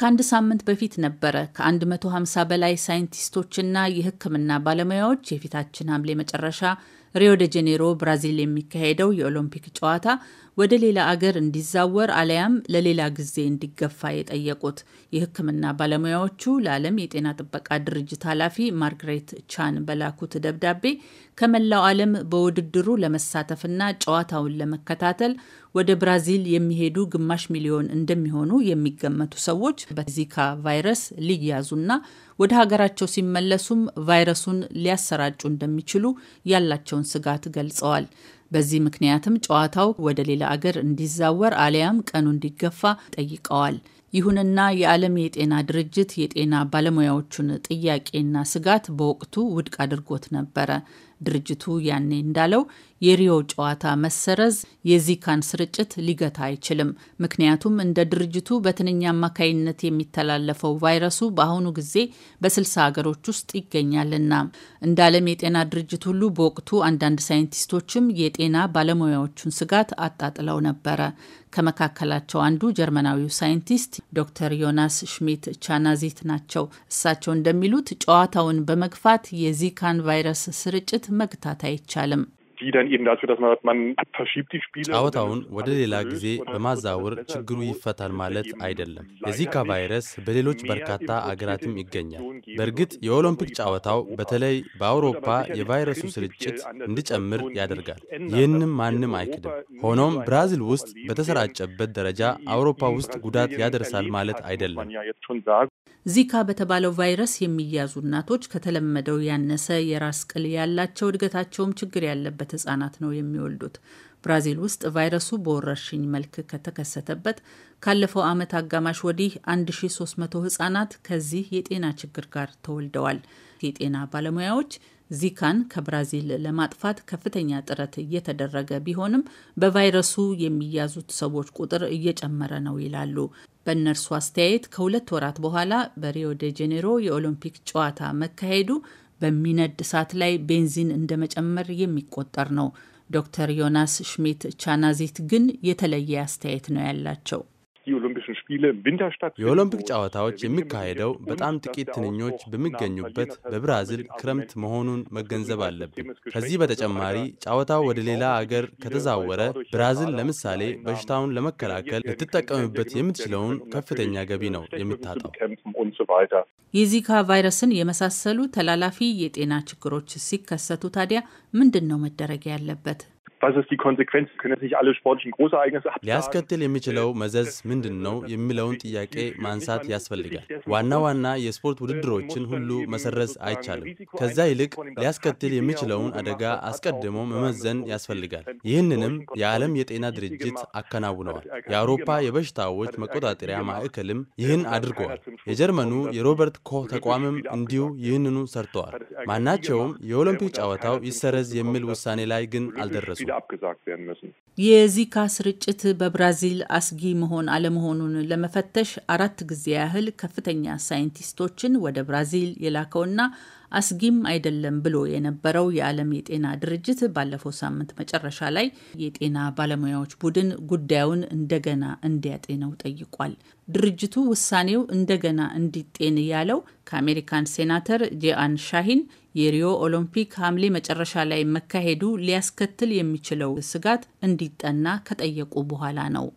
ከአንድ ሳምንት በፊት ነበረ ከ150 በላይ ሳይንቲስቶችና የሕክምና ባለሙያዎች የፊታችን ሐምሌ መጨረሻ ሪዮ ደ ጄኔሮ ብራዚል የሚካሄደው የኦሎምፒክ ጨዋታ ወደ ሌላ አገር እንዲዛወር አለያም ለሌላ ጊዜ እንዲገፋ የጠየቁት የሕክምና ባለሙያዎቹ ለዓለም የጤና ጥበቃ ድርጅት ኃላፊ ማርግሬት ቻን በላኩት ደብዳቤ ከመላው ዓለም በውድድሩ ለመሳተፍና ጨዋታውን ለመከታተል ወደ ብራዚል የሚሄዱ ግማሽ ሚሊዮን እንደሚሆኑ የሚገመቱ ሰዎች በዚካ ቫይረስ ሊያዙና ወደ ሀገራቸው ሲመለሱም ቫይረሱን ሊያሰራጩ እንደሚችሉ ያላቸውን ስጋት ገልጸዋል። በዚህ ምክንያትም ጨዋታው ወደ ሌላ አገር እንዲዛወር አሊያም ቀኑ እንዲገፋ ጠይቀዋል። ይሁንና የዓለም የጤና ድርጅት የጤና ባለሙያዎቹን ጥያቄና ስጋት በወቅቱ ውድቅ አድርጎት ነበረ። ድርጅቱ ያኔ እንዳለው የሪዮ ጨዋታ መሰረዝ የዚካን ስርጭት ሊገታ አይችልም። ምክንያቱም እንደ ድርጅቱ በትንኛ አማካይነት የሚተላለፈው ቫይረሱ በአሁኑ ጊዜ በስልሳ ሀገሮች ውስጥ ይገኛልና እንደ ዓለም የጤና ድርጅት ሁሉ በወቅቱ አንዳንድ ሳይንቲስቶችም የጤና ባለሙያዎቹን ስጋት አጣጥለው ነበረ። ከመካከላቸው አንዱ ጀርመናዊው ሳይንቲስት ዶክተር ዮናስ ሽሚት ቻናዚት ናቸው። እሳቸው እንደሚሉት ጨዋታውን በመግፋት የዚካን ቫይረስ ስርጭት መግታት አይቻልም። ጨዋታውን ወደ ሌላ ጊዜ በማዛወር ችግሩ ይፈታል ማለት አይደለም። የዚካ ቫይረስ በሌሎች በርካታ አገራትም ይገኛል። በእርግጥ የኦሎምፒክ ጨዋታው በተለይ በአውሮፓ የቫይረሱ ስርጭት እንዲጨምር ያደርጋል። ይህንም ማንም አይክድም። ሆኖም ብራዚል ውስጥ በተሰራጨበት ደረጃ አውሮፓ ውስጥ ጉዳት ያደርሳል ማለት አይደለም። ዚካ በተባለው ቫይረስ የሚያዙ እናቶች ከተለመደው ያነሰ የራስ ቅል ያላቸው እድገታቸውም ችግር ያለበት ህጻናት ነው የሚወልዱት። ብራዚል ውስጥ ቫይረሱ በወረርሽኝ መልክ ከተከሰተበት ካለፈው ዓመት አጋማሽ ወዲህ 1300 ህጻናት ከዚህ የጤና ችግር ጋር ተወልደዋል። የጤና ባለሙያዎች ዚካን ከብራዚል ለማጥፋት ከፍተኛ ጥረት እየተደረገ ቢሆንም በቫይረሱ የሚያዙት ሰዎች ቁጥር እየጨመረ ነው ይላሉ። በእነርሱ አስተያየት ከሁለት ወራት በኋላ በሪዮ ዴ ጄኔሮ የኦሎምፒክ ጨዋታ መካሄዱ በሚነድ እሳት ላይ ቤንዚን እንደመጨመር የሚቆጠር ነው። ዶክተር ዮናስ ሽሚት ቻናዚት ግን የተለየ አስተያየት ነው ያላቸው። የኦሎምፒክ ጨዋታዎች የሚካሄደው በጣም ጥቂት ትንኞች በሚገኙበት በብራዚል ክረምት መሆኑን መገንዘብ አለብን። ከዚህ በተጨማሪ ጨዋታው ወደ ሌላ አገር ከተዛወረ ብራዚል ለምሳሌ በሽታውን ለመከላከል ልትጠቀምበት የምትችለውን ከፍተኛ ገቢ ነው የምታጣው። የዚካ ቫይረስን የመሳሰሉ ተላላፊ የጤና ችግሮች ሲከሰቱ ታዲያ ምንድን ነው መደረግ ያለበት? was ሊያስከትል የሚችለው መዘዝ ምንድን ነው የሚለውን ጥያቄ ማንሳት ያስፈልጋል። ዋና ዋና የስፖርት ውድድሮችን ሁሉ መሰረዝ አይቻልም። ከዛ ይልቅ ሊያስከትል የሚችለውን አደጋ አስቀድሞ መመዘን ያስፈልጋል። ይህንንም የዓለም የጤና ድርጅት አከናውነዋል። የአውሮፓ የበሽታዎች መቆጣጠሪያ ማዕከልም ይህን አድርገዋል። የጀርመኑ የሮበርት ኮህ ተቋምም እንዲሁ ይህንኑ ሰርተዋል። ማናቸውም የኦሎምፒክ ጨዋታው ይሰረዝ የሚል ውሳኔ ላይ ግን አልደረሱም። wieder abgesagt werden müssen። የዚካ ስርጭት በብራዚል አስጊ መሆን አለመሆኑን ለመፈተሽ አራት ጊዜ ያህል ከፍተኛ ሳይንቲስቶችን ወደ ብራዚል የላከውና አስጊም አይደለም ብሎ የነበረው የዓለም የጤና ድርጅት ባለፈው ሳምንት መጨረሻ ላይ የጤና ባለሙያዎች ቡድን ጉዳዩን እንደገና እንዲያጤነው ጠይቋል። ድርጅቱ ውሳኔው እንደገና እንዲጤን ያለው ከአሜሪካን ሴናተር ጄአን ሻሂን የሪዮ ኦሎምፒክ ሐምሌ መጨረሻ ላይ መካሄዱ ሊያስከትል የሚችለው ስጋት እንዲጠና ከጠየቁ በኋላ ነው።